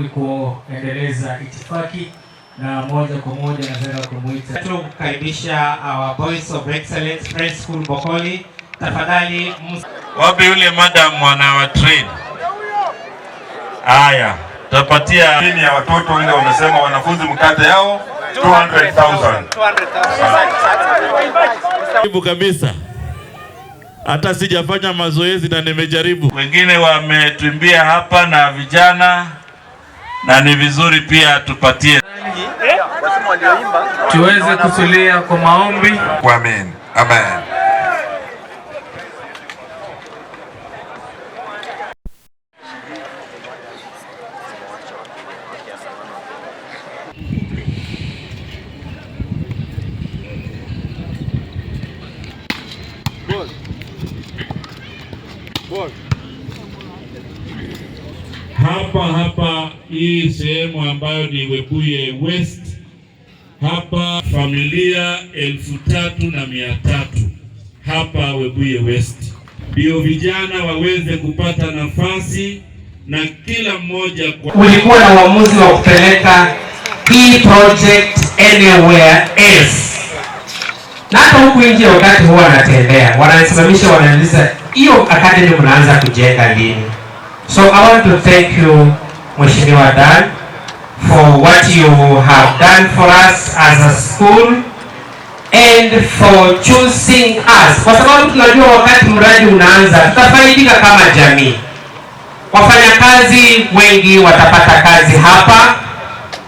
Magufuli kuendeleza itifaki na moja kwa moja nataka kumuita kumkaribisha our Boys of Excellence Friends School Bokoli. Tafadhali wapi yule madam wanawa train? Haya, tapatia chini ya watoto ile wamesema wanafunzi mkate yao 200,000. 200,000 kabisa. Hata sijafanya mazoezi na nimejaribu. Wengine wametumbia hapa na vijana na ni vizuri pia tupatie eh? tuweze kutulia kwa maombi. Amen. Amen. hapa hapa hii sehemu ambayo ni Webuye West, hapa familia elfu tatu na mia tatu hapa Webuye West, ndio vijana waweze kupata nafasi na kila mmoja kwa... ulikuwa na uamuzi wa kupeleka hii project anywhere else, na hata huku nje wakati huwa wanatembea, wanasimamisha wananiuliza hiyo akademi mnaanza kujenga lini? So I want to thank you Mheshimiwa Dan for what you have done for us as a school and for choosing us, kwa sababu tunajua wakati mradi unaanza tutafaidika kama jamii. Wafanyakazi wengi watapata kazi hapa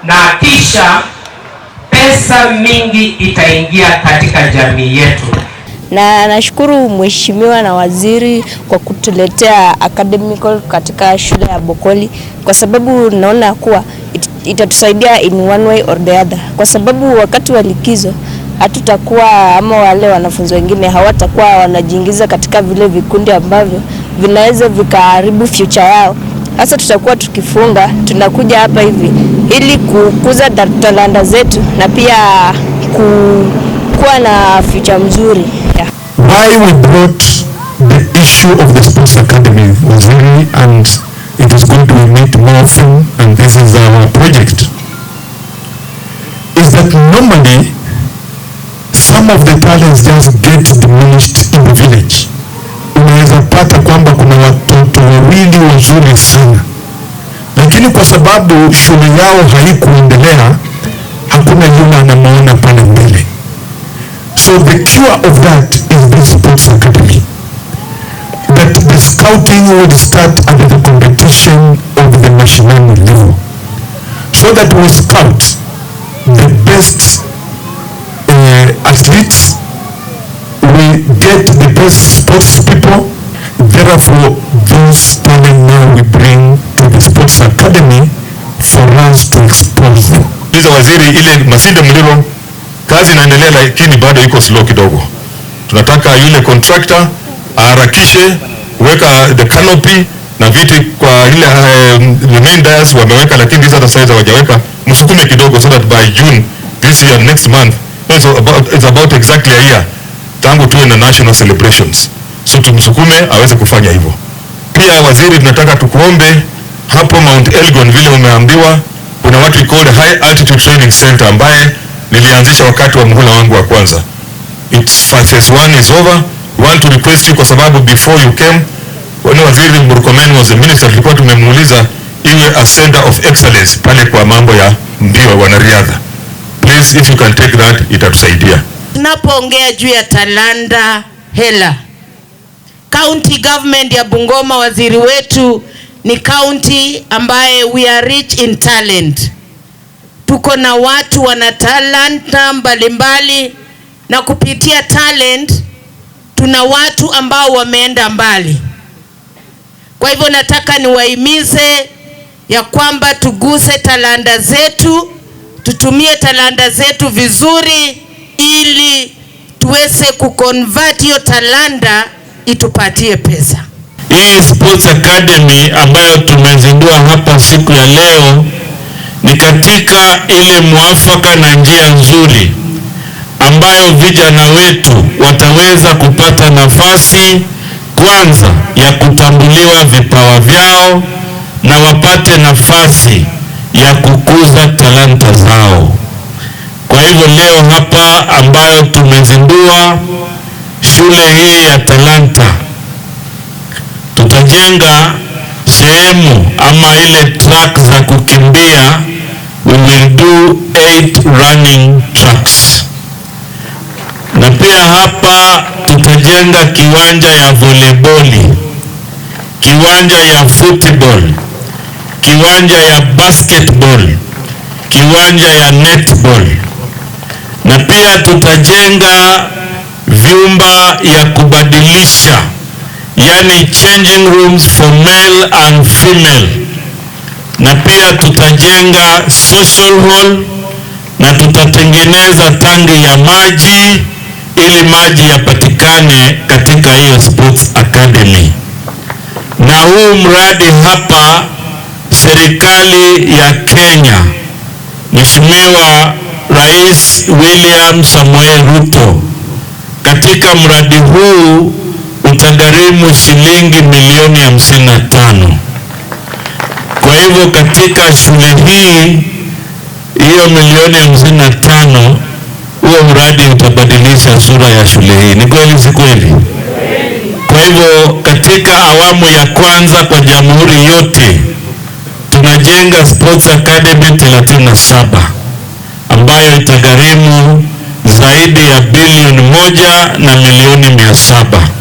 na kisha pesa mingi itaingia katika jamii yetu na nashukuru mheshimiwa na waziri kwa kutuletea academical katika shule ya Bokoli kwa sababu naona kuwa it, itatusaidia in one way or the other, kwa sababu wakati wa likizo hatutakuwa ama wale wanafunzi wengine hawatakuwa wanajiingiza katika vile vikundi ambavyo vinaweza vikaharibu future yao. Sasa tutakuwa tukifunga, tunakuja hapa hivi ili kukuza talanta zetu na pia kuwa na future mzuri why we brought the issue of the sports academy was really and it is good we meet more often and this is our project is that normally some of the talents just get diminished in the village unaweza pata kwamba kuna watoto wawili wazuri sana lakini kwa sababu shule yao haikuendelea hakuna yule anamaona pale mbele So the cure of that is the sports academy. That the scouting would start at the competition of the national level. So that we scout the best uh, athletes, we get the best sports people. Therefore, those talent now we bring to the sports academy for us to expose them. ile Kazi inaendelea lakini bado iko slow kidogo. Tunataka yule contractor aharakishe kuweka the canopy na viti kwa ile uh, main dais wameweka, lakini hizo hata size hawajaweka. Msukume kidogo so that by June this year next month it's about, it's about exactly a year tangu tuwe na national celebrations, so tumsukume aweze kufanya hivyo. Pia waziri, tunataka tukuombe hapo Mount Elgon, vile umeambiwa kuna what we call high altitude training center ambaye nilianzisha wakati wa mhula wangu wa kwanza. It's phase one is over. want to request you kwa sababu before you came wani waziri Murkomen was a minister, tulikuwa tumemuuliza iwe a center of excellence pale kwa mambo ya mbio wanariadha. Please if you can take that, itatusaidia. Tunapoongea juu ya talanta hela, county government ya Bungoma, waziri wetu ni county ambaye we are rich in talent Tuko na watu wana talanta mbalimbali, na kupitia talent tuna watu ambao wameenda mbali. Kwa hivyo nataka niwahimize ya kwamba tuguse talanta zetu, tutumie talanta zetu vizuri, ili tuweze kuconvert hiyo talanta itupatie pesa. Hii Sports Academy ambayo tumezindua hapa siku ya leo ni katika ile mwafaka na njia nzuri ambayo vijana wetu wataweza kupata nafasi kwanza ya kutambuliwa vipawa vyao na wapate nafasi ya kukuza talanta zao. Kwa hivyo leo hapa ambayo tumezindua shule hii ya talanta, tutajenga sehemu ama ile track za kukimbia we will do eight running tracks, na pia hapa tutajenga kiwanja ya voleboli, kiwanja ya football, kiwanja ya basketball, kiwanja ya netball, na pia tutajenga vyumba ya kubadilisha, yani changing rooms for male and female na pia tutajenga social hall na tutatengeneza tangi ya maji ili maji yapatikane katika hiyo Sports Academy. Na huu mradi hapa, serikali ya Kenya, Mheshimiwa Rais William Samoei Ruto, katika mradi huu utagharimu shilingi milioni 55. Kwa hivyo katika shule hii hiyo milioni hamsini na tano huo mradi utabadilisha sura ya shule hii. Ni kweli, si kweli? Kwa hivyo katika awamu ya kwanza kwa jamhuri yote tunajenga Sports Academy 37 ambayo itagharimu zaidi ya bilioni moja na milioni mia saba.